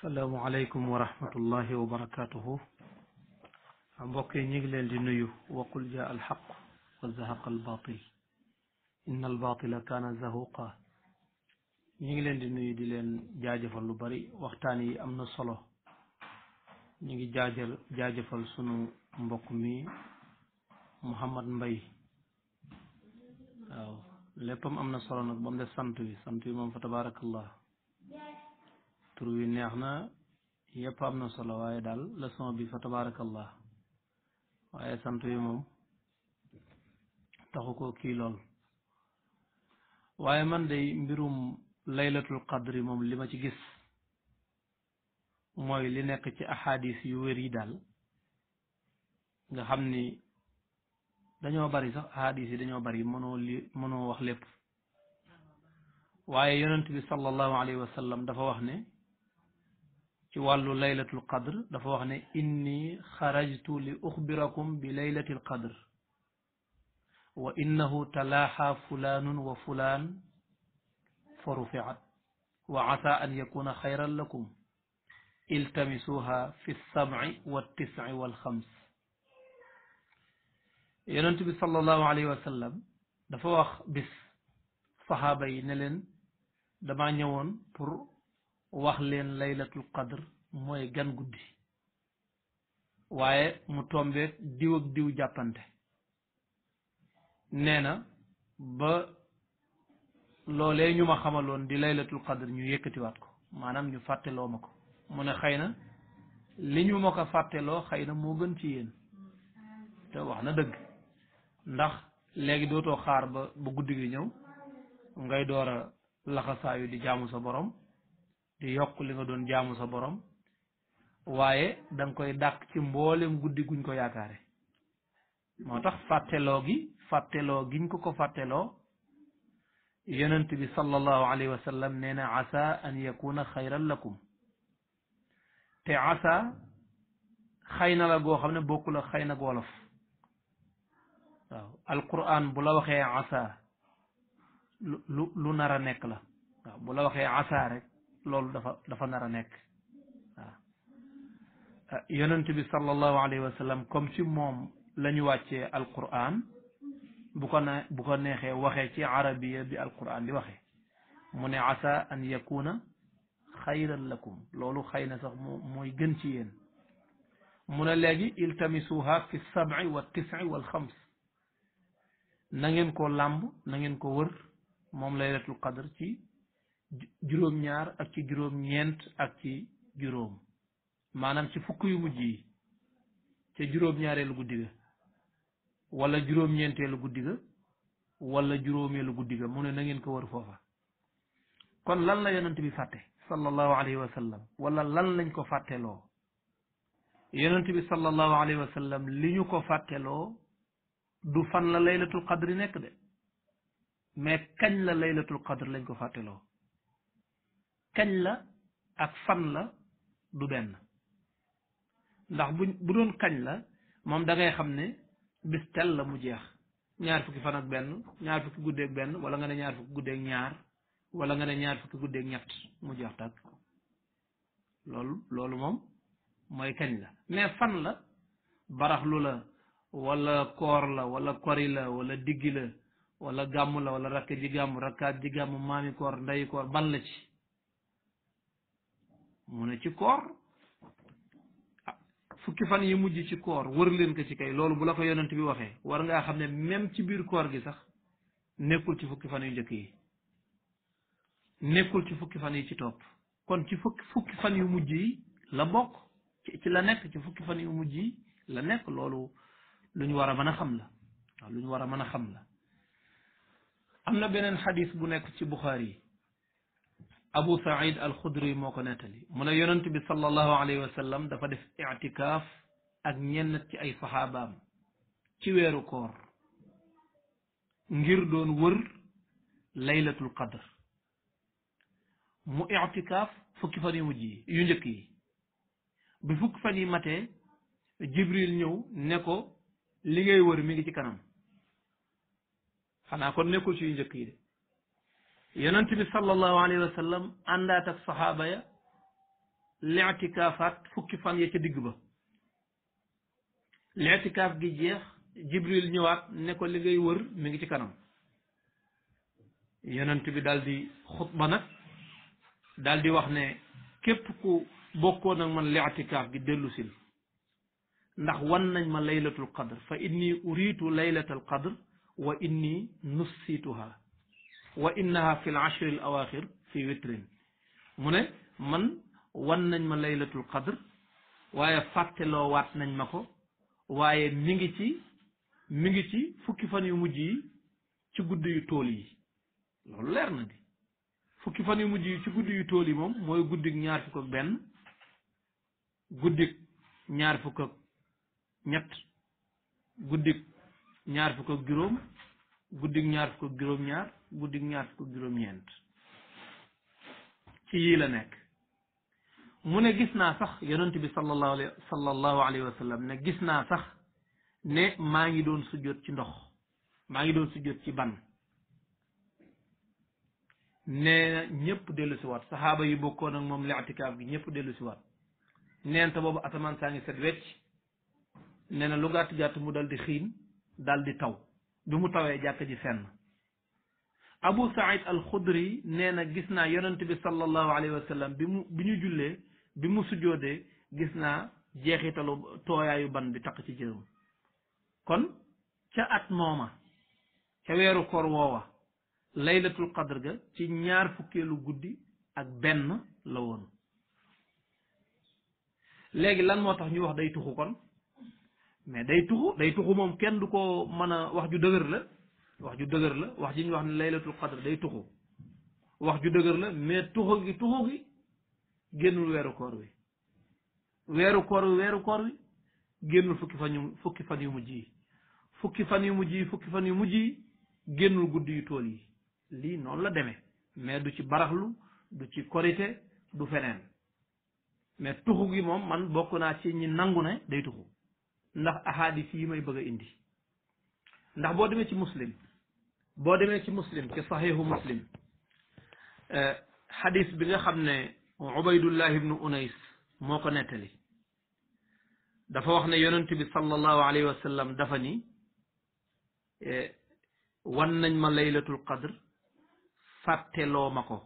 salaamualeykum wa rahmatullahi wa barakaatuhu mbokk yi ñu ngi leen di nuyu waqul jaa alxaq wa zahaqa albaatil inna albaatila kaana zahuqa ñu ngi leen di nuyu di leen jaajëfal lu bari waxtaan yi am na solo ñu ngi jaajal jaajëfal sunu mbokk mi Mouhamad Mbay waaw léppam am na solo nag ba mu def sant wi sant wi moom fa tabaarakallah tur wi neex na yëpp am na solo waaye daal leçon bi fa tabaarakallah waaye sant wi moom taxu ko kii lool waaye man de mbirum laylatul qadri moom li ma ci gis mooy li nekk ci ahadis yu wér yi daal nga xam ni dañoo bari sax ahadis yi dañoo bari mënoo li mënoo wax lépp waaye yonent bi sallallahu alayhi wa dafa wax ne ci wàllu laylatul qadr dafa wax ne inni xarajtu li uxbirakum bi laylatil qadr wa innahu talaaxa fulaanun wa fulaan fa rufiat wa asa an yakuna xayran lakum iltamisuha fi sabci wa tisci wal xams yonent bi sallallahu alayhi wa sallam dafa wax bis saxaaba yi ne leen damaa ñëwoon pour wax leen laylatul qadr mooy gan guddi waaye mu tombeek diw ak diw jàppante nee na ba loolee ñu ma xamaloon di laylatul qadr ñu yëkkatiwaat ko maanaam ñu fàtteloo ma ko mu ne xëy na li ñu ma ko fàtteloo xëy na moo gën ci yéen te wax na dëgg ndax léegi dootoo xaar ba ba guddi gi ñëw ngay door a laxasaayu di jaamu sa borom di yokk li nga doon jaamu sa borom waaye da koy dàq ci mboolem guddi guñ ko yaakaare moo tax fàtteloo gi fàtteloo giñ ko ko fàtteloo yonent bi sallallahu alayhi wa sallam nee na asa an yakuna xayran lakum te asa xëy na la goo xam ne bokkul ak xëy na wolof waaw alquran bu la waxee asa lu lu nar a nekk la waaw bu la waxee asa rek loolu dafa dafa nar a nekk waaw eh, yonent bi sallallahu alayhi wa sallam comme ci moom la ñu wàccee alquran bu ko na bu ko neexee waxee ci arabiya bi alquran di waxe mu ne asa an yakuna xayran lakum loolu xëy na sax mooy gën ci yéen mu ne léegi iltamisuha fi sabi wa tisi wal xams na ngeen ko làmb na ngeen ko wër moom laylatul qadr ci juróom-ñaar ak ci juróom-ñeent ak ci juróom maanaam ci fukk yu mujj yi ca juróom-ñaareelu guddi ga wala juróom-ñeenteelu guddi ga wala juróomeelu guddi ga mu ne na ngeen ko war foofa kon lan la yonent bi fàtte sallallahu alayhi wa sallam wala lan lañ ko fàtteloo yonent bi sallallahu alayhi wa sallam li ñu ko fàtteloo du fan la laylatul qadr nekk de mais kañ la laylatul qadr lañ ko fàtteeloo kañ la ak fan la du benn ndax bu bu doon kañ la moom dangay xam ne bis la mu jeex ñaar fukki fan ak benn ñaar fukki guddeeg benn wala nga ne ñaar fukki guddeeg ñaar wala nga ne ñaar ñett mu jeex tàkk loolu loolu moom mooy kañ la mais fan la baraxlu la wala koor la wala kori la wala diggi la wala gàmm la wala rakk ji gàmm rakkaat ji gàmm maami koor ndeyi koor ban la ci mu ne ci koor ah fukki fan yi mujj ci koor wër ko ci kay loolu bu la ko yonent bi waxee war ngaa xam ne même ci biir koor gi sax nekkul ci fukki fan yu njëkk yi nekkul ci fukki fan yi ci topp kon ci fukki fan yu mujj yi la bokk ci la nekk ci fukki fan yu mujj yi la nekk loolu lu ñu war a mën a xam la waaw lu ñu war a mën a xam la am na beneen xadis bu nekk ci Buxaari yi Abu Saïd al moo ko nettali mu ne yonent bi sallallahu alayhi wa dafa def itikaaf ak ñenn ci ay saxaabaam ci weeru koor ngir doon wër laylatul qadr mu itikaaf fukki fan yu mujj yi yu njëkk yi bi fukki fan yi matee Jibril ñëw ne ko li ngay wër mi ngi ci kanam xanaa kon nekkul ci yu njëkk de yonent bi sallallahu alayhi wa sallam ak saxaaba ya li'tikaafaat fukki fan ya ca digg ba li'tikaaf gi jeex jibril ñëwaat ne ko li wër mi ngi ci kanam yonent bi daldi di xutba nag daal di wax ne képp ku bokkoon ak man li'tikaaf gi dellu ndax wan nañ ma laylatul qadr fa inni uriitu laylatal qadr wa inni nussituha wa innaha fi l ashri l awaxir fi witrin mu ne man wan nañ ma laylatul qadr waaye fàtteloo waat nañ ma ko waaye mi ngi ci mi ngi ci fukki fan yu mujj yi ci guddi tool yi loolu leer na di fukki fan yu mujj yi ci guddi yu tool yi moom mooy guddik ñaar fukk ak benn guddik ñaar fukk ak ñett guddik ñaar fukk ak juróom guddik ñaar fukk ak juróom-ñaar guddi ñaar fukk juróom-ñeent ci yii la nekk mu ne gis naa sax yonent bi sallallahu alayhi sallallahu alayhi wa ne gis naa sax ne maa ngi doon sujjóot ci ndox maa ngi doon sujjóot ci ban nee na dellu si waat saxaaba yi bokkoon ak moom li'tikaaf gi ñëpp dellu si waat neen te boobu asamaan saa ngi set wecc nee na lu gàtt gàtt mu dal di xiin dal di taw bi mu tawee jàkk ji fenn Abu Saïd al-Khudri nee na gis naa yonent bi sallallahu alayhi wa bi mu bi ñu jullee bi mu sujjoodee gis naa jeexitalu tooyaayu ban bi taq ci jërëm kon ca at mooma ca weeru koor woowa laylatul qadr ga ci ñaar fukkeelu guddi ak benn la woon léegi lan moo tax ñu wax day tuxu kon mais day tuxu day tuxu moom kenn du ko mën a wax ju dëgër la wax ju dëgër la wax ji ñu wax ne laylatul qadr day wax ju dëgër la mais tuxu gi tuxu gi génnul weeru koor wi weeru koor wi weeru koor wi génnul fukki fan yu mu ji fukki fan yu mujj ji fukki fan génnul guddi yu tool yi lii noonu la demee mais du ci baraxlu du ci korite du feneen mais tuxu gi moom man bokk naa ci ñi nangu ne day tuxu ndax ahadis yi may bëgg a indi ndax boo demee ci muslim boo demee ci muslim ci saxiixu muslim eh, xadis bi nga xam ne ubaydullah ibnu unays moo ko nettali dafa wax ne yonent bi sallallahu alayhi wa dafa ni eh, wan nañ ma laylatul qadr fàtteloo ma ko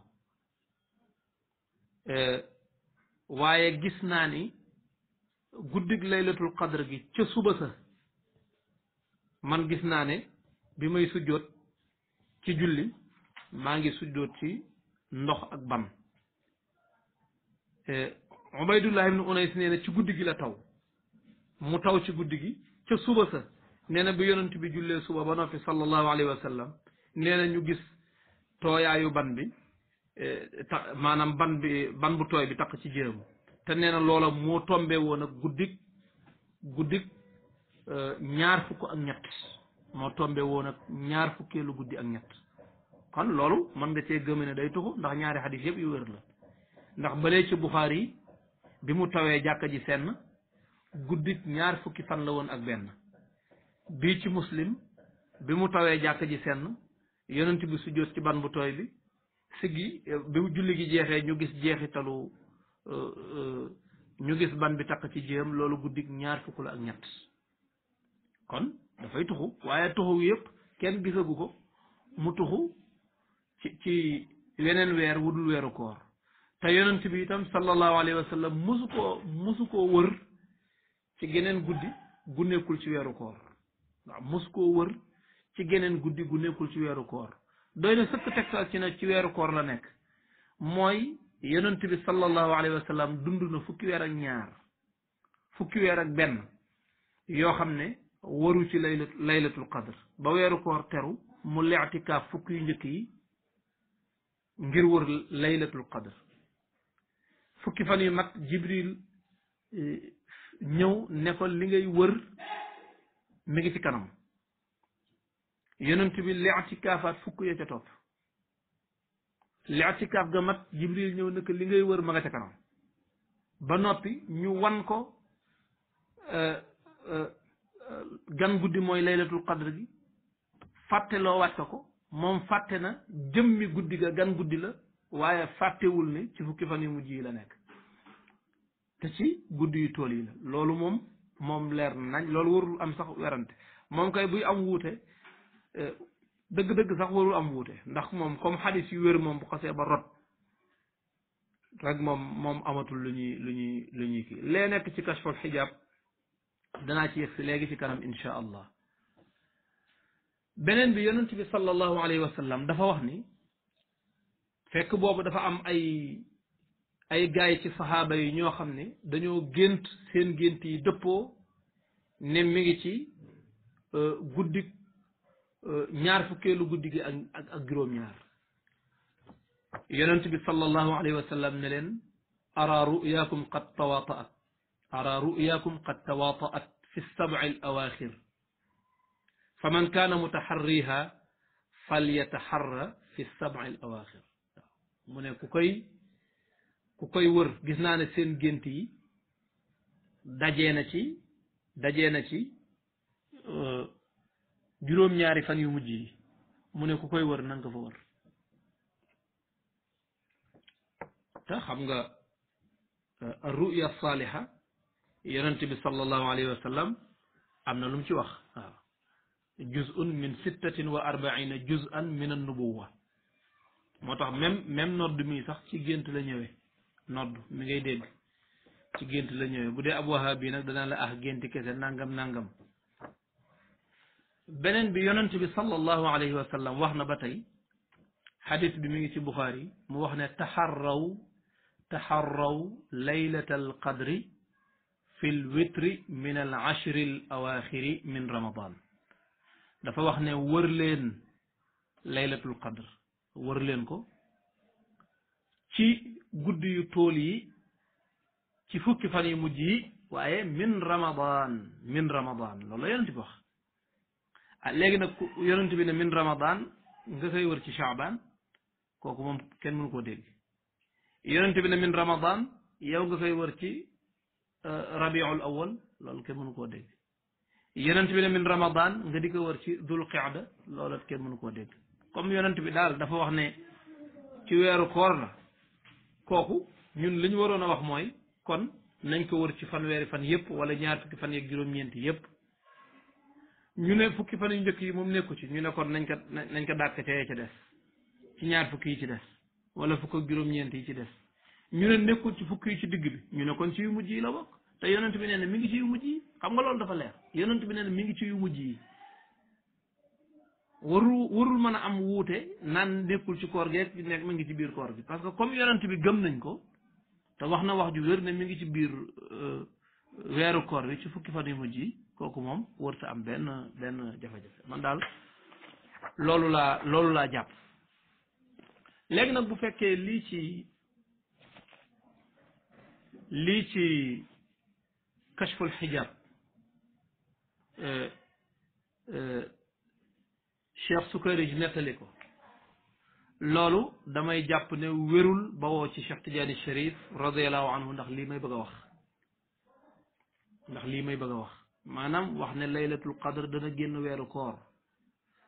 eh, waaye gis naa ni guddig laylatul qadr gi ca suba sa man gis naa ne bi may sujjoot ci julli maa ngi sujjoot ci ndox ak ban eh, Ubaydullah ibn Unays nee na ci guddi gi la taw mu taw ci guddi gi ca suba sa nee na bi yonent bi jullee suba ba noppi sallallahu alayhi wa sallam nee na ñu gis tooyaayu ban bi eh, ta maanaam ban bi ban bu tooy bi taq ci jërëm te nee na loola moo tombe woon ak guddik guddik eh, ñaar fukk ak ñett moo tombe woon ak ñaar fukkeelu guddi ak ñett kon loolu mën nga cee gëme ne day tuxu ndax ñaari xadis yëpp yu wér la ndax balee ci Buxaari yi bi mu tawee jàkka ji seen guddit ñaar fukki fan la woon ak benn bii ci muslim bi mu tawee jàkka ji fenn yonent bi su ci ban bu tooy bi siggi bi mu julli gi jeexee ñu gis jeexitalu euh, euh, ñu gis ban bi takk ci jéem loolu guddik ñaar fukk la ak ñett kon dafay tuxu waaye tuxu yëpp kenn gisagu ko mu tuxu ci ci weneen weer wudul weeru koor te yonent bi itam sallallahu alayhi wa sallam musu koo musu koo wër ci geneen guddi gu nekkul ci weeru koor waaw koo wër geneen guddi gu ci weeru koor doy na sëkk tegtal ci ne ci weeru koor la nekk mooy yonent bi sallallahu alayhi wa sallam dund na fukki weer ak ñaar fukki weer ak benn yoo xam ne waru ci layla laylatul qadr ba weeru koor teru mu leetikaaf fukk yu njëkk yi ngir wër laylatul qadr fukki fan yu mat jibril e, ñëw ne ko li ngay wër mi ngi ci kanam yonent bi leetikaafaat fukk ya ca topp leetikaaf ga mat jibril ñëw ne li ngay wër ma nga kanam ba noppi ñu wan ko e, e, gan guddi mooy laylatul qadr gi fàtteloo waat ko ko moom fàtte na jëmmi guddi ga gan guddi la waaye fàttewul ni ci fukki fan yu mujj yi la nekk te ci guddi yu tool yi la loolu moom moom leer nañ loolu warul am sax werante moom kay buy am wuute euh, dëgg-dëgg sax warul am wuute ndax moom comme xadis yu wér moom bu xasee ba rot rek moom moom amatul lu ñuy lu ñuy lu ñuy kii lee nekk ci kashful xijaab danaa ci yëg si léegi ci kanam insha allah beneen bi yonent bi sallallahu alayhi wa sallam dafa wax ni fekk boobu dafa am ay ay gaay ci saxaaba ñoo xam ne dañoo gént seen gént yi dëppoo ne mi ngi ci euh, guddi euh, ñaar fukkeelu guddi gi ak ak juróom-ñaar yonent bi sallallahu alayhi wa sallam ne leen ara ruyakum qad tawataat أرى رؤياكم قد تواطأت في السبع الأواخر فمن كان متحريها فليتحرى في السبع الأواخر mu ne ku koy ku koy wër gis naa ne seen gént yi dajee na ci dajee na ci euh, juróom-ñaari fan yu mujj yi mu ne ku koy wër nanga ko fa wër te xam nga euh, ruya saaliha yonent bi sallallahu alayhi am na lu mu ci wax waaw juz'un min sittatin wa arbaina juz'an min an-nubuwa moo tax même même nodd mii sax ci gént la ñëwee nodd mi ngay dégg ci gént la ñëwee bu dee ab wahaab bi nag danaa la ah génti kese nangam nangam beneen bi yonent bi sallallahu alayhi wa sallam wax na ba tey xadis bi mi ngi ci buxaari mu wax ne taxarraw taxarraw laylatal qadri fil witri min al ashril awaaxiri min ramadan dafa wax ne wër leen laylatul qadr leen ko ci guddi yu tool yi ci fukki fan yu mujj yi waaye min ramadan min ramadan loolu la yonent bi wax ah léegi nag bi ne min ramadan nga koy wër ci chaaban kooku moom kenn mënu koo dégg yonent bi ne min ramadan yow nga koy wër ci Euh, rabiul awal loolu kenn mënu koo dégg yonent bi ne min ramadan nga di ko wër ci dul qicda loolu kenn mënu koo dégg comme yonent bi daal dafa wax ne ci weeru koor la kooku ñun li ñu waroon a wax mooy kon nañ ko wër ci fanweeri fan yëpp wala ñaar fukki fan yeeg juróom-ñeent yëpp ñu ne fukki fan yu njëkk yi moom nekku ci ñu ne kon nañ ko nañ ko dàkk ca yee ca des ci ñaar fukki yi ci des wala fukk ak juróom-ñeent yi ci des ñu ne nekkul ci fukk yi ci digg bi ñu ne kon ci yu mujj yi la bokk te yonent bi nee na mi ngi ci yu mujj yi xam nga loolu dafa leer yonent bi nee na mi ngi ci yu mujj yi warul warul mën a am wuute naan nekkul ci koor geeg nekk mi ngi ci biir koor gi parce que comme yonent bi gëm nañ ko te wax na wax ju wér ne mi ngi ci biir euh, weeru koor wi ci fukki fan yu kooku moom wërta am benn benn jafe-jafe man daal loolu laa loolu laa jàpp léegi nag bu fekkee lii ci lii ci kashful xijaab euh, euh, cheikh Sukari nettali ko loolu damay jàpp ne wérul ba woo ci cheikh Tidiane Cherif radiallahu anhu ndax lii may bëgg a wax ndax lii may bëgg a wax maanaam wax ne laylatul qadr dana génn weeru koor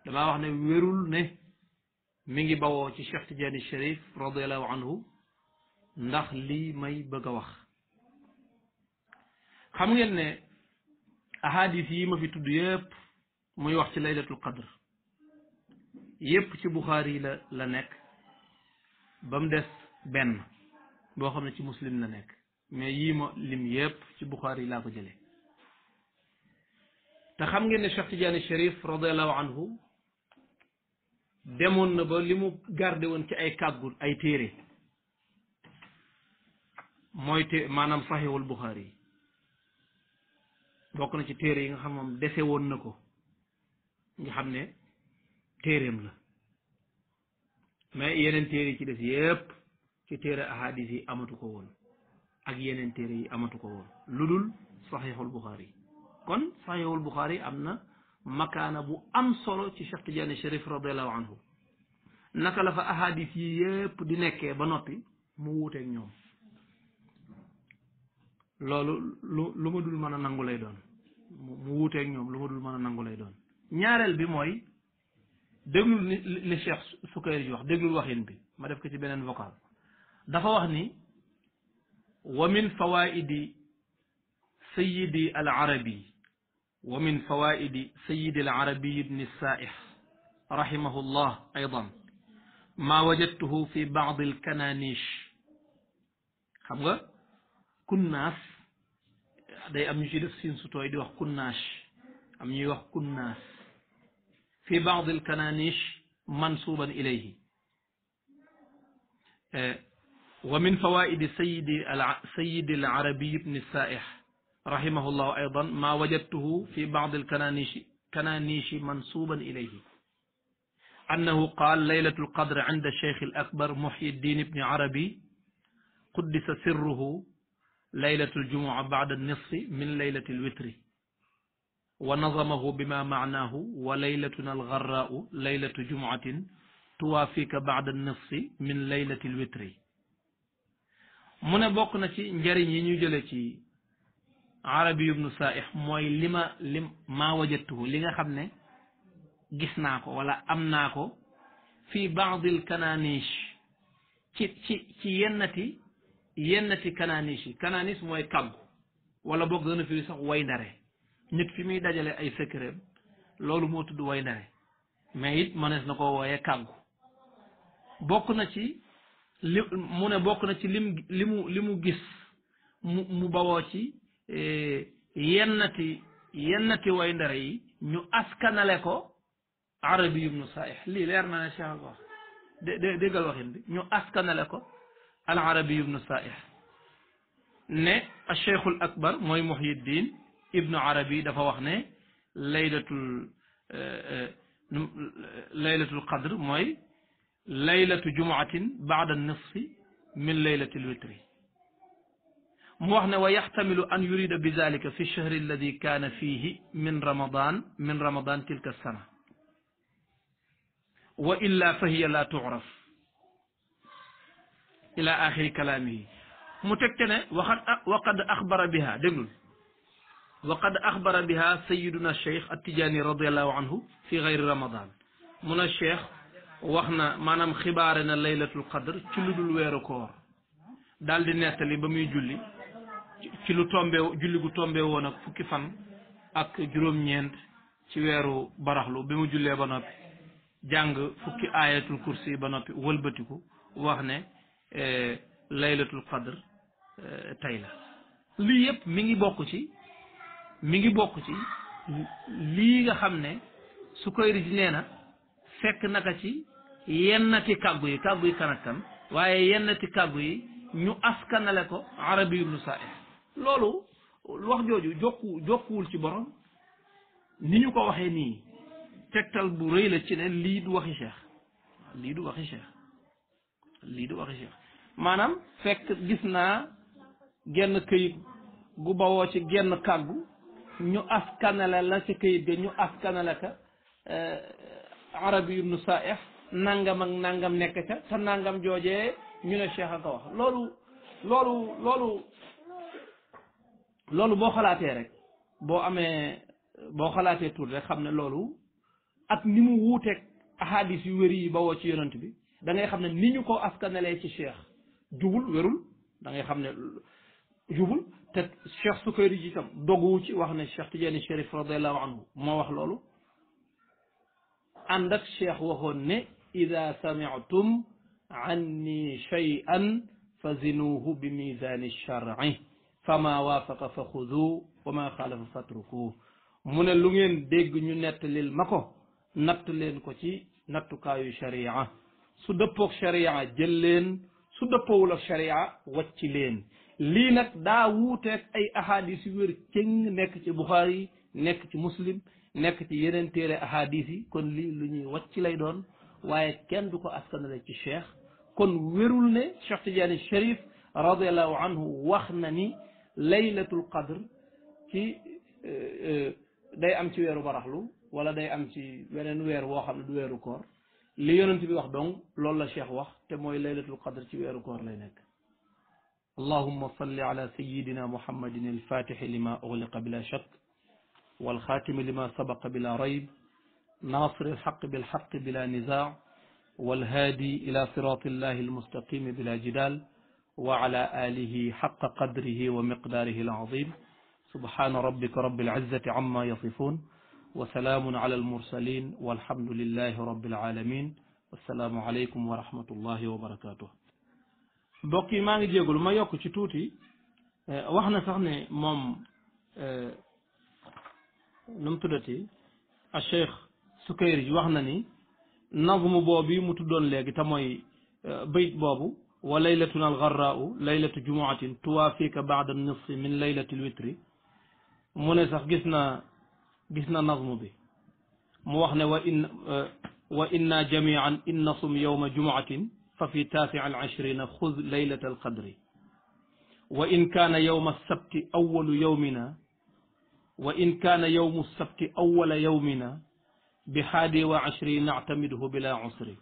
dama wax ne wérul ne mi ngi bawoo ci cheikh Tidiane Cherif radiallahu anhu ndax lii may bëgg a wax xam ngeen ne ahadis yi ma fi tudd yépp muy wax ci laylatul qadr yépp ci buxaari la la nekk ba mu des benn boo xam ne ci muslim la nekk mais yii ma lim yépp ci buxaari laa ko jëlee te xam ngeen ne Cheikh Tidiane Chérif radiallahu anhu demoon na ba li mu gardé woon ci ay kàggul ay téere mooy té maanaam saxiixul buxaari bokk na ci téere yi nga xam moom dese woon na ko nga xam ne téereem la mais yeneen téere yi ci des yépp ci téere ahadis yi amatu ko woon ak yeneen téere yi amatu ko woon lu dul saxiixul buxaari kon saxiixul buxaari am na makaana bu am solo ci Cheikh Tidiane Chérif radiallahu anhu naka la fa ahadis yi yépp di nekkee ba noppi mu wuuteeg ñoom loolu lu lu ma dul mën a nangu lay doon mu wuuteeg ñoom lu ma dul mën a nangu lay doon ñaareel bi mooy déglul ni li Cheikh Sukayri ji wax déglul waxin bi ma def ko ci beneen vocal dafa wax ni wa min fawaidi sayidi al arabi wa min fawaidi sayidi al arabi ibni saaih rahimahu llah aydan ma wajadtuhu fi baad al kananish xam nga kunnaas day am ñu ci def siin su tooy di wax kunnaash am ñuy wax kunnaas fi baadil kanaanish mansuban ilayhi eh, wa min fawaidi sayidi al sayidi al arabi ibni saaih rahimahu llahu aydan ma wajadtuhu fi baadi al kanaanishi kanaanishi mansuban ilayhi annahu qaal laylatu al qadr inda cheikh al akbar muhyi ddin ibni arabi quddisa sirruhu laylatul jumua baada nisfi min laylatil witri wa nazamahu bima maanaahu wa laylatuna algarraau laylatu jumuatin tuwaafika baada nisfi min laylatil witri mu ne bokk na ci njariñ yi ñu jële ci arabi ibnu saaih mooy li ma lim maa wajattuhu li nga xam ne gis naa ko wala am naa ko fii baadil kanaaniish ci ci ci yennati yenn ci kanaanis yi kanaanis mooy kamb wala boog dana firi sax way ndare nit fi muy dajale ay secret loolu moo tudd way ndare mais it mënees na ko wooyee kàngu bokk na ci li mu ne bokk na ci lim li mu li mu gis mu mu bawoo ci e, yennati yennati way ndare yi ñu askanale ko arabi ibnu saaih lii leer na ne cheikh ko wax dé dé bi ñu askanale ko al arabi ibnu saih ne al cheikhul akbar mooy muhyiddin ibnu arabi dafa wax ne laylatul eh, eh, laylatul qadr mooy laylatu jumuatin baada nisfi min laylatil witri mu wax ne wa yaxtamilu an yurida bi dalika fi lchahri alladi kaana fiihi min ramadan min ramadan tilka sana wa illa fa hiya la tu'raf ila axiri kalaamihi mu teg te ne waxat waqad axbara biha déglul waqad axbara biha sayiduna cheikh attijaani radiallahu anhu fi gayri ramadan mun a wax na maanaam xibaare na laylatul qadr ci lu dul weeru koor daal di nettali ba muy julli ci lu tombe julli gu tombe woon ak fukki fan ak juróom-ñeent ci weeru baraxlu bi mu jullee ba noppi jàng fukki aayatul kursi ba noppi walbatiku wax ne Eh, laylatul qadr eh, tey la lii yëpp mi ngi bokk ci mi ngi bokk ci lii nga xam ne su koy ri nee na fekk naka ci yennati kàggu yi kàggu yi kan waaye yennati kàggu yi ñu askanale ko arabi ibnu sa'id loolu wax jooju jokku jokkuwul ci borom ni ñu ko waxee nii tegtal bu rëy la ci ne lii du waxi cheikh lii du waxi cheikh lii du waxi maanaam fekk gis naa genn këyit gu bawoo ci genn kàggu ñu askanale la ci këyit ga ñu askanale ka eh, arabi ibnu saaih nangam ak nangam nekk ca te nangam joojee ñu ne cheikh a ko wax loolu loolu loolu loolu boo xalaatee rek boo amee boo xalaatee tuur rek xam ne loolu ak ni mu wuuteeg ahadis yu wér yi bawoo ci yonant bi da ngay xam ne ni ñu ko askanalee ci cheikh jubul wérul da xam ne jubul te cheikh sukayri ji itam doguwu ci wax ne cheikh tijaani chérif radiallahu anhu moo wax loolu ànd ak cheikh waxoon ne ida samiatum anni shay'an fa zinuuhu bi misaani shar'i fa ma waafaqa fa xudu wa ma xaalafa fatruku mu ne lu ngeen dégg ñu nettalil ma ko natt leen ko ci nattukaayu sharia su dëppoog sharia jël leen su dëppoowul ak sharia wàcc leen lii nag daa wuuteeg ay ahadis yu wér cëng nekk ci buxaari yi nekk ci muslim nekk ci yeneen téere ahadis yi kon lii lu ñuy wàcc lay doon waaye kenn du ko askanale ci cheikh kon wérul ne cheikh tidiane sharif radiallahu anhu wax na ni laylatul qadr ci euh, euh, day am ci weeru baraxlu wala day am ci weneen weer woo xam ne du weeru koor li yonent bi wax donc loolu la cheikh wax te mooy laylatul qadr ci weeru koor lay nekk allahumma salli ala sayidina muhammadin alfatixi lima uxliqa bila shak walxaatimi lima sabaqa bila rayb naasiri alxaq bilxaq bila nizaa walhaadi ila sirati illahi almustaqimi bila jidal wa ala alihi xaqa qadrihi wa miqdaarihi alazim subhana rabbika rabbil izzati amma yasifun wa salaamun ala almursalin walhamdulillahi rabbil alamin assalaamu aleykum wa rahmatullahi wa barakatuh mbokk yi maa ngi jégalu ma yokk ci tuuti eh, wax na sax ne moom eh, nu mu tuddati a cheikh Sukayri wax na ni nazmu boobu mu tuddoon léegi te mooy eh, bayt boobu wa laylatuna algarraau laylatu jumuatin tuwaafiika baada nisfi min laylati lwitri mu ne sax gis na gis na nazmu bi mu wax ne wa in wa inna jamian in nasum yowma jumuatin fa fi taasi al ashrina xuz laylata al qadri wa in kaana yowma sabti awalu yowmina wa in kaana yowmu sabti awala yowmina bi haadi wa ashri nactamidhu bila usri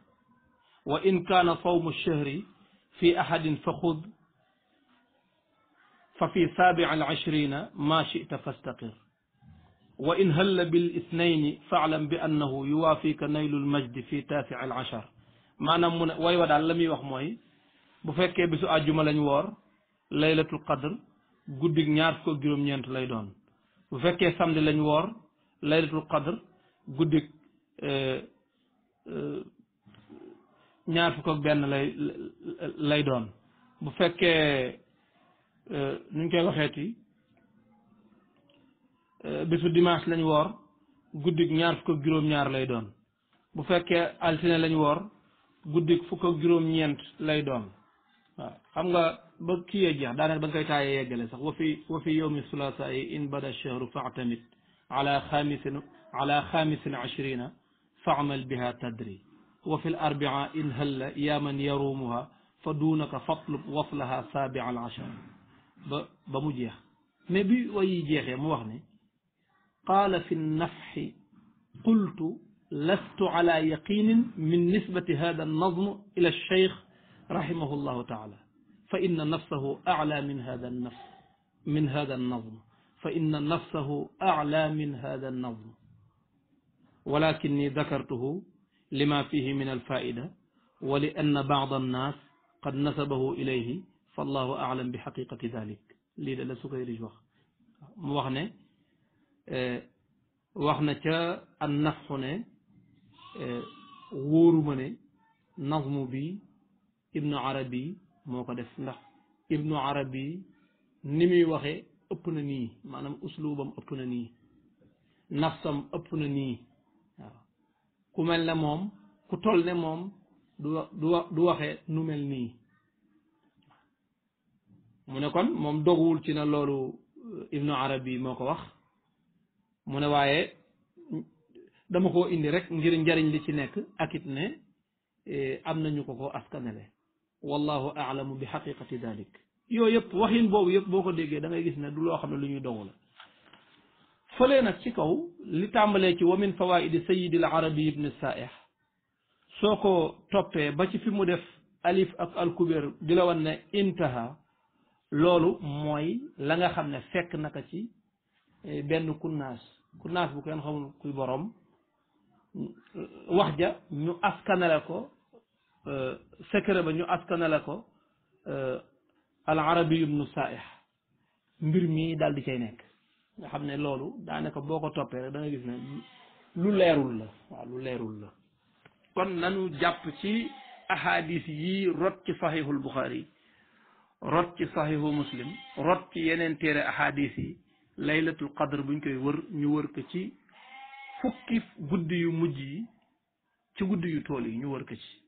wa in kaana sawmu shahri fi ahadin fa xud fa fi saabi al ashrina ma shita fastaqir wa in halla bil isnayni faalam bi annahu yuwaafika naylul majdi fi taasi al achar maanaam mu ne way wa daal la muy wax mooy bu fekkee bisu àjjuma lañ woor laylatul qadr guddig ñaar fukk lay doon bu fekkee samedi lañ woor laylatul qadr guddig e, e, ñaar fukk ak benn lay lay doon bu fekkee e, nuñ koy waxeeti Euh, bisu dimanche lañ woor guddik ñaar fukk ak juróom-ñaar lay doon bu fekkee altine lañ woor guddik fukk ak juróom-ñeent lay doon waaw xam nga ba kii yee jeex daanaka ba nga koy taayee yeggale sax wa fi wa fi yowmi sulaasa yi in bada chahru factamit ala xaamisin ala xaamisin ashrina facmal biha tadri wa fi l arbia in halla yaa man yaruumuha fa duunaka fatlub waslaha saabia al achar ba ba mu jeex mais bi wayi jeexee mu wax ne qaala fi nafxi qultu lastu ala yaqinin min nisbati hada annazm ila alcheikh rahimahu llahu taala fa inna nafsahu ala min hada annafs min hada annazm fa inna nafsahu ala min hada annazm walakinni dakartuhu lima fihi min alfaida wa li anna baad annas qad nasabahu ilayhi fallahu alam bi xaqiqati dalik lii da la Sukayrij wax mu wax ne E, wax na ca an nafxu ne e, wóoruma ne nazmu bi ibnu bi moo ko def ndax ibnu bi ni muy waxee ëpp na nii maanaam uslubam ëpp na nii nafsam ëpp na nii ku mel ne moom ku tol ne moom du waxe du nu mel nii mu ne kon moom doguwul ci na loolu ibnu bi moo ko wax mu ne waaye dama ko indi rek ngir njariñ li ci nekk ak it ne eh, am nañu ko ko askanele wallahu aalamu bi xaqiqati dalik yooyu yëpp waxin boobu yëpp boo ko déggee da gis ne du loo xam ne lu ñuy dogu la fëlee nag ci kaw li tàmbalee ci wa min fawaidi sayidi al arabi ibni saaih soo ko toppee ba ci fi mu def alif ak alkubeer di la wan ne intaha loolu mooy la nga xam ne fekk naka ci eh, benn kunnaas ku naas bu kenn xamul kuy borom wax ja ñu askanale ko euh, secret ba ñu askanale ko euh, al arabiyu bnu saaih mbir mi daal di cay nekk nga xam ne loolu daanaka boo ko toppee rek da nga gis ne lu leerul la waaw lu leerul la kon nanu jàpp ci ahadis yi rot ci saxiixul buxaari rot ci saxiixu muslim rot ci yeneen téere ahadis yi laylatul qadr buñ koy wër ñu wër ko ci fukki guddi yu mujj yi ci guddi yu tool yi ñu wër ko ci